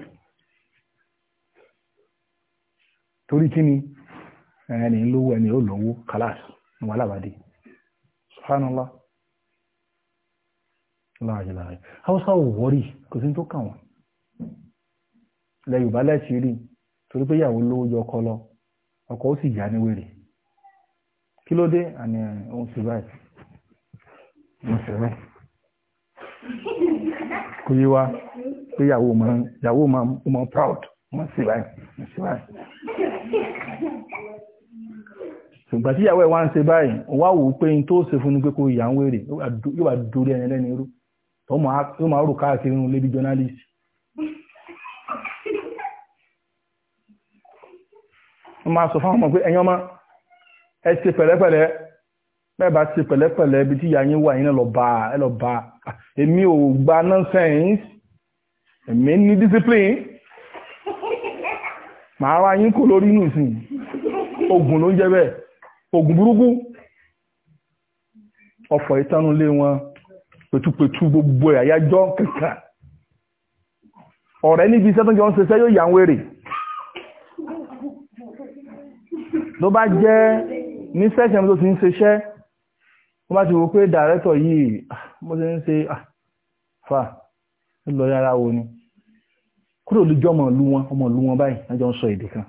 torí kí ni ẹni lówó ẹni ó lówó kàlás ní wà lábàdé subhanallah láàrínláàrín haúsá ò wọ́rí kò sí tó kàn rí torí pé lówó jọ ọkọ ọkọ ó sì yá ní wèrè kí ló dé ohun sì báyìí mo sì rẹ kò wa pé proud wọ́n sì báyìí wọ́n sì báyìí ṣùgbọ́n tí ìyàwó ẹ̀ wá ń ṣe báyìí wá wò ó pé n tó ṣe fún ni pé kó ìyà ń wèrè yóò wá dorí ẹni lẹ́ni irú tó máa rò káàkiri inú lébi journalist. wọ́n máa sọ fáwọn ọmọ pé ẹ̀yin ọmọ ẹ ṣe pẹ̀lẹ́pẹ̀lẹ́ bẹ́ẹ̀ bá ṣe pẹ̀lẹ́pẹ̀lẹ́ ibi tí ìyá yín wà yín lọ bá ẹ lọ bá ah, èmi ò gba nonsense èmi ní discipline màá wá yín kò lórí inú ìsìn ogun ló ń jẹ́ bẹ́ẹ̀ ogun burúkú ọ̀fọ̀ ìtanulé wọn pẹ̀tùpẹ̀tù gbogbo ẹ̀ àyájọ́ kẹ̀kẹ́ ọ̀rẹ́ níbi iṣẹ́ tó jọ ń ṣiṣẹ́ yóò yà ń wèrè ló bá jẹ́ ní sẹ́ṣẹ̀m tó ti ń ṣiṣẹ́ ó bá ti wò pé dàrẹ́tọ̀ yìí ah, bó ṣe ń ṣe ah, fà ń lọ yára wo ni kúrò lójú ọmọ ìlú wọn ọmọ ìlú wọn báyìí wọ́n jọ ń sọ èdè kan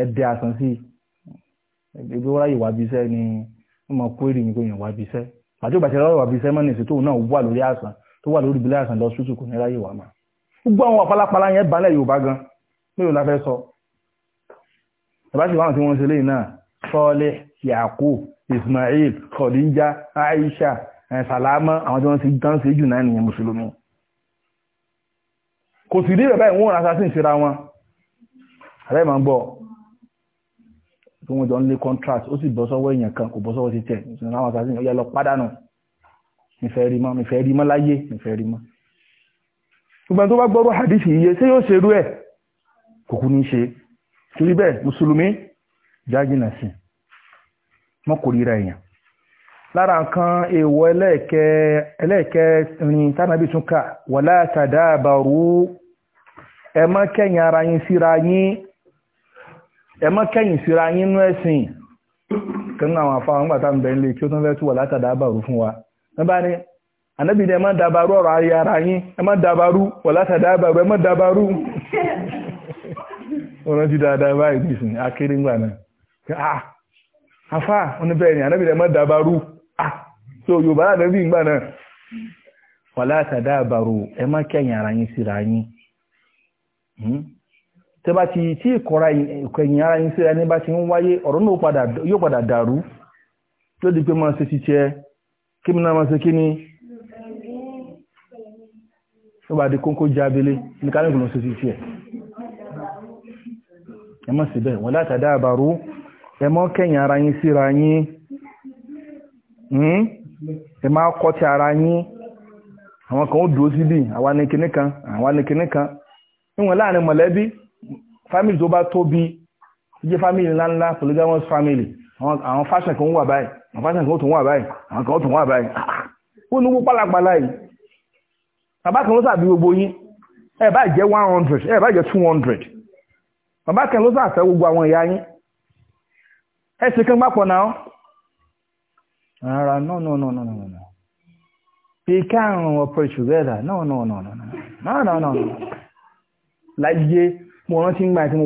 ẹ̀ dẹ́ asán sí ibi wọ́n ráyè wábi iṣẹ́ ni wọ́n máa kó èrè nìkan yàn wábi iṣẹ́ àti ìgbà tí wọ́n ráyè wábi iṣẹ́ mọ́ nìṣẹ́ tóun náà wà lórí àṣà tó wà lórí ìbílẹ̀ àṣà lọ sùtù kò ní ráyè wà mà gbogbo àwọn àpálápàlá yẹn balẹ̀ Yorùbá gan mélòó la fẹ́ sọ bàbá sì wáhùn tí wọ́n ń ṣe lẹ́yìn náà Sọ́ọ́lẹ̀ Yakub Ismail Khadija Aisha eh, Salama àwọn tí wọ́n ti dán sí jù náà nìyẹn mùsùlùmí kò sì rí bẹ̀bẹ̀ ìwọ̀n assassin síra wọn ààrẹ ma ń gbọ́ tí wọ́n jọ ń lé contract ó sì bọ́ sọ́wọ́ èèyàn kan kò bọ́ sọ́wọ́ ti tẹ̀ ìsinmi láwọn assassin ó yẹ lọ pádànù nífẹ̀ẹ́ rí mọ́ nífẹ̀ẹ́ rí láyé nífẹ̀ẹ́ rí ṣùgbọ́n tó bá gbọ́rọ̀ hadith iye ṣé yóò ṣerú ẹ̀ kò kú ní ṣe torí bẹ́ẹ̀ mùsùlùmí jágìnà sí mọ́kòríra èèyàn lára nǹkan èèwọ̀ ẹlẹ́ẹ̀kẹrin tánàbí tún kà wala tadabaru ẹ má kẹ́yìn ara yín síra yín ẹ má kẹ́yìn síra yín nú ẹ̀sìn kan àwọn afáwọn gbàtà ń bẹ̀rẹ̀ lè kí ó tún fẹ́ tú wala tadabaru fún wa nígbà ní ni ẹ má dabaru ọ̀rọ̀ ayé ara yín ẹ má dabaru wala tadabaru ẹ má dabaru wọn [laughs] ah, bẹ́ẹ̀ ni ànábì ni ẹ ah so yorùbá náà lẹ́bí ìgbà náà wàlá àtàdá àbàrò ẹ má kẹ́yìn hmm? ti tí ìkọ́ra ìkẹyìn ara yín síra ní bá ti ń wáyé ọ̀rọ̀ náà yóò padà dàrú tó di pé máa ṣe ti tiẹ̀ kí mi náà di kónkó jabele ní kálíkù ló ń ṣe ti tiẹ̀ ẹ má síbẹ̀ wàlá àtàdá ara Hmm? ẹ máa kọ́ ti ara yín àwọn kan ó dúró síbì àwa ni kinní kan àwa ni kinní kan níwọ̀n láàrin mọ̀lẹ́bí family tó bá tóbi tó jẹ́ family ńláńlá polygamous family àwọn fashion kan wà báyìí àwọn fashion kan ó tún wà báyìí àwọn kan ó tún wà báyìí ó ní wó pálapàla yìí bàbá kan ló sàbí gbogbo yín ẹ bá jẹ́ one hundred ẹ bá jẹ́ two hundred bàbá kan ló sàfẹ́ gbogbo àwọn ìyá yín ẹ sì kán pápọ̀ náà Rárá, no, no, no, no, no, no. He can't operate together. No, no, no, no, no. No, no, no, no. Láyé, mo rántí ń gbà tí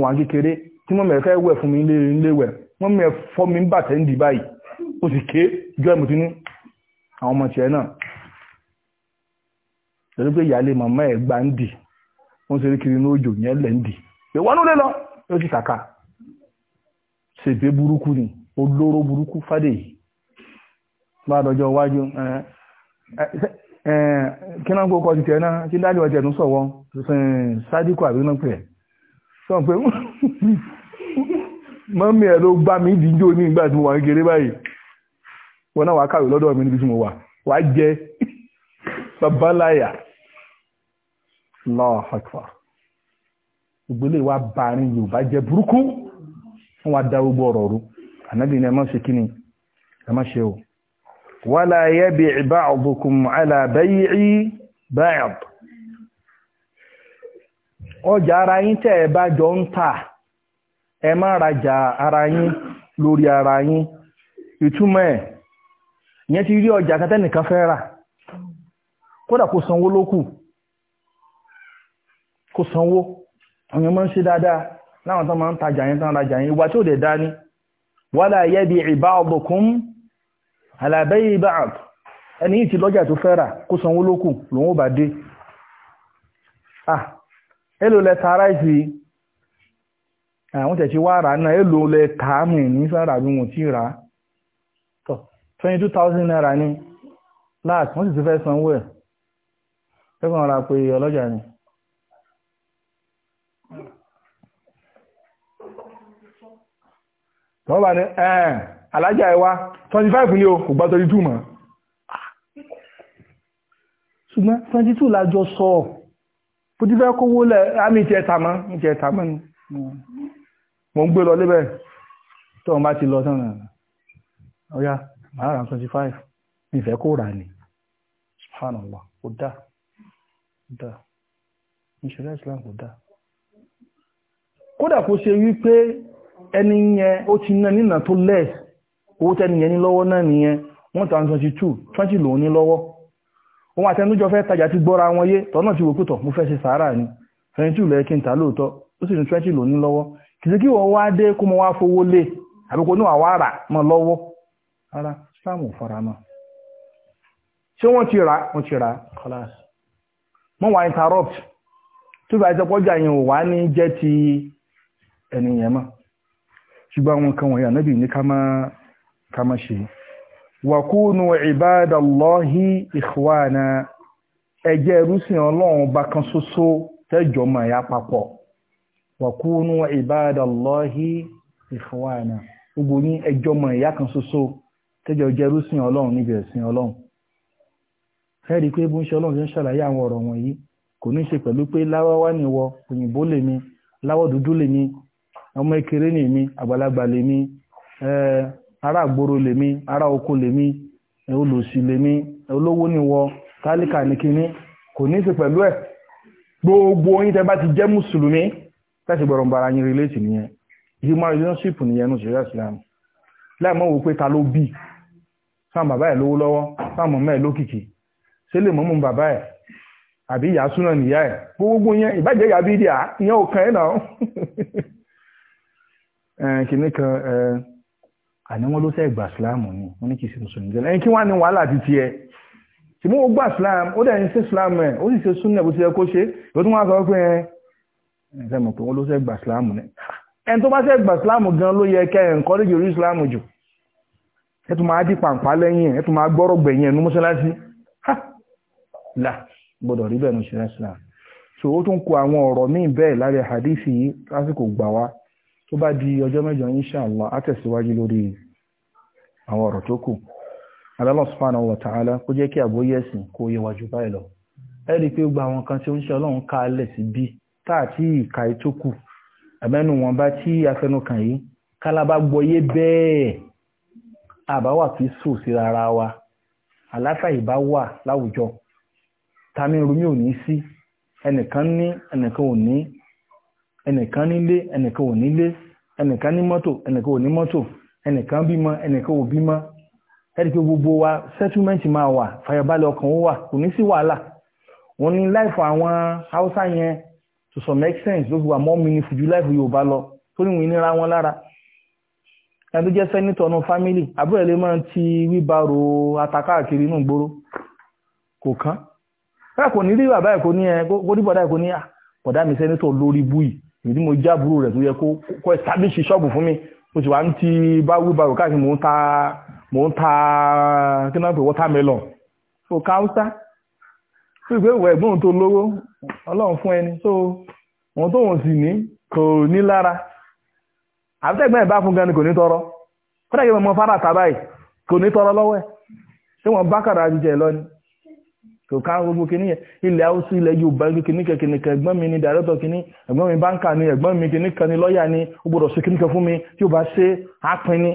mo mi nílé nílé wẹ̀, wọ́n mẹ̀ fọ́ mi ń bàtẹ́ ń náà. pé ìyáálé màmá ẹ̀ ń dì, wọ́n ṣe kiri ní ládọjọ́ iwájú kí náà kó kọ́ ti tẹ̀ náà kí dájú ọ̀tẹ̀ tún sọ̀wọ́ sádìkù àbí náà pè é sọ pé mọ́mí ẹ̀ ló gbá mi díjó ní ìgbà tí mo wà ń kéré báyìí wọn náà wàá kàwé lọ́dọ̀ mi níbi tí mo wà wàá jẹ babaláyà lọ́ọ̀hàkfà ògbélé wa bàárín yorùbá jẹ burúkú wọn wá dá gbogbo ọ̀rọ̀ rú ànábì ni ẹ má ṣe kíni ẹ má ṣe o. ولا يبع بعضكم على بيع بعض ọjà ara yín tẹ́ ẹ bá jọ ń tà ẹ ara yín ara ti ri ọjà kátẹ́nìkan ka rà kódà Koda sanwó lókù kò sanwó àwọn ọmọ ma ṣe dáadáa láwọn tán máa ń tajà yín wala yabi àlàbẹ́yì báàb ẹni yìí ti lọ́jà tó fẹ́ rà kó sanwó lókù lòun ó bá dé ah èlò lẹ ta ráìsì àwọn ah, tẹ̀sí wá náà èlò lẹ ta ní sára bí ti rà á tọ naira ní láàt wọ́n sì ti fẹ́ sanwó ẹ̀ pé ọlọ́jà ni. tọ́ba ni ẹ̀ẹ́. Eh, alájà ẹwà 25 ní o kò gbá 32 mọ̀ ṣùgbọ́n 22 lájọ sọ bó ti fẹ́ kówó lẹ̀ àmì ìtì ẹ̀ta mọ́ ìtì ẹ̀ta mọ́ ni mo ń gbé lọ lébẹ̀ tó wọn bá ti lọ tán náà ọ̀yá màá ra 25 mi ìfẹ́ kó rà ní subhanallah kò dá dá ìṣẹ̀lẹ̀ Islam kò dá kódà kó ṣe wípé ẹni yẹn ó ti ná nínà tó lẹ́ẹ̀sì owó tẹ́ni yẹn ní lọ́wọ́ náà nìyẹn one thousand twenty two twenty lòun ní lọ́wọ́ òun àtẹnudọ́ fẹ́ tajà ti gbọ́ra wọn yé tọ́nà ti wò pé tọ̀ mo fẹ́ ṣe sàárà ni twenty two lẹ́ẹ̀kí n ta lóòótọ́ ó sì ní twenty lòun ní lọ́wọ́ kìsì kí wọ́n wá dé kó mọ wá fowó lé àbí kó ní àwa rà mọ́ lọ́wọ́ rárá sáàmù fara mọ́ ṣé wọ́n ti rà wọ́n ti rà kọ́láàsì mọ́ wá interrupt tó bá jẹ́ pọ́jà yẹn ò wá ní jẹ́ ti ẹnìyẹn mọ́ ṣùgbọ́n àwọn kan wọ̀nyí ànábì ní ká máa ká má ṣe wa kunu ibadallahi ikhwana ẹjẹ́ ìrúsìn ọlọ́run bá kan ṣoṣo tẹ́jọ́ mọ̀ ya papọ̀ wa kunu ibadallahi ikhwana gbogbo yín ẹjọ́ mọ̀ ìyá kan ṣoṣo tẹ́jọ́ jẹ́rú sìn ọlọ́run níbi ẹ̀sìn ọlọ́run fẹ́ẹ̀rí pé bó ń ṣe ọlọ́run ṣe ń ṣàlàyé àwọn ọ̀rọ̀ wọ̀nyí kò ní ṣe pẹ̀lú pé láwáwá ni wọ òyìnbó lèmi láwọ̀ dúdú lèmi ọmọ ìkéré lèmi àgbàlagbà lèmi ara àgbòrò lèmi ará oko lèmi olùsì lèmi olówó níwọ tálíkà ní kíní kò ní í ṣe pẹ̀lú ẹ̀ gbogbo yín tẹ́ bá ti jẹ́ mùsùlùmí tẹ́sí gbọ́dọ̀ bara yín relate nìyẹn human relationship nìyẹn ní ṣẹ̀ríà Islam láìmọ̀ wò pé ta ló bí sáà bàbá ẹ̀ lówó lọ́wọ́ sáà mọ̀mọ́ ẹ̀ lókìkí ṣé lè mọ́mú bàbá ẹ̀ àbí ìyá súná nìyá ẹ̀ gbogbo yẹn ìbàjẹ́ ìyá bídíà ìyẹn ò kàn ẹ́ náà [laughs] àní wọ́n ló sẹ́ gbà síláàmù ni wọ́n ní kì í ṣe mùsùlùmí jẹ́ ẹni kí wọ́n á ní wàhálà ti tiẹ̀ tí mo gbà síláàmù ó dẹ̀ ń ṣe síláàmù ẹ̀ ó sì ṣe súnà bó ti yẹ kó ṣe ìwé tí wọ́n sọ pé ẹ ẹ sẹ́mu pé wọ́n ló sẹ́ gbà síláàmù ni ẹni tó bá sẹ́ gbà síláàmù gan ló yẹ kẹ́ ẹ̀ ń kọ́ lójú orí síláàmù jù ẹ tún máa dí pàǹpá lẹ́yìn ẹ tún máa gbọ́rọ̀ gbẹ̀yìn ẹnu mọ́ṣáláṣí ha là gbọ́dọ̀ rí bẹ́ẹ̀ ní ṣẹlẹ̀ síláàmù so ó tún kó àwọn tó bá di ọjọ́ mẹ́jọ inṣàlá átẹ̀síwájú lórí àwọn ọ̀rọ̀ tó kù Allah subhanahu wa ta'ala kó jẹ́ kí àgbóyé ẹ̀sìn kó yé wa jù báyìí lọ ẹ rí i pé gba àwọn kan tí ó ń ṣe ọlọ́run ká lẹ̀ sí bí táàtì ìka tó kù àmẹ́nu wọn bá tí afẹnukan yìí kálábá gbọ́yé bẹ́ẹ̀ àbáwà fi sùn sí rárá wa àlàáfíà ìbá wà láwùjọ tàmí ò ní sí ẹnìkan ní ẹnìkan ò ní ẹnìkan nílé ẹnìkan ò nílé ẹnìkan ní mọ́tò ẹnìkan ò ní mọ́tò ẹnìkan bímọ ẹnìkan ò bímọ ẹni pé gbogbo wa settlement máa wà fàyàbalẹ̀ ọkàn ó wà kò ní sí wàhálà wọn ní láìfọ àwọn haúsá yẹn to some extent ló fi wà mọ́ mi ní fùjú láìfọ yorùbá lọ tó ní wọn nira wọn lára ẹni tó jẹ́ sẹ́nitọ̀ ọ̀nà fámìlì àbúrò ẹ̀ lè máa ti wíbarò atakáàkiri inú gbòòrò kò kán báyà kò ní rí bàbá ẹ̀ kò ní ẹ kó rí bọ̀dá ẹ̀ kò ní ah, bọ̀dá mi sẹ́nitọ̀ lórí búyì ìdí mo já àbúrò rẹ̀ tó yẹ kó kó establish ṣọ́ọ̀bù fún mi mo sì wá ń ti bá wheelbarrow káàkiri mò ń ta mò ń ta kí náà pè watermelon so káwúsá so ìgbé ìwẹ̀ ẹ̀gbọ́n tó lówó ọlọ́run fún ẹni so òun tó òun sì ní kò ní lára àbítẹ́gbọ́n ẹ̀ bá fún gan ni kò ní tọrọ kódà kí wọ́n mọ fara tàbáyì kò ní tọrọ lọ́wọ́ ẹ̀ ṣé wọ́n bá kàrà jíjẹ lọ so ká gbogbo kìíní yẹn ilẹ̀ haúsù ilẹ̀ yorùbá kìíní kìíní kan ẹ̀gbọ́n mi ni dàrẹ́tọ̀ kìíní ẹ̀gbọ́n mi báńkà ni ẹ̀gbọ́n mi kìíní kan ni lọ́ọ̀yà ni ó gbọ́dọ̀ ṣe kìíní kan fún mi tí ó bá ṣe ápin ní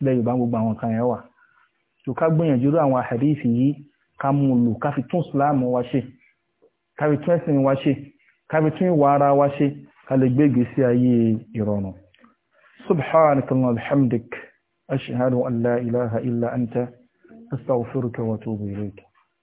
ilẹ̀ yorùbá gbogbo àwọn kan yẹn wà so ká gbìyànjú rú àwọn àhàdíìsì yìí ká mú un lò ká tún ìsìláàmù wa ṣe ká tún ẹ̀sìn wa ṣe ká tún ìwà ara wa ṣe ká lè gbé ìgbésí ayé ìrọ̀rùn subhanaka wa bihamdik ashhadu an la ilaha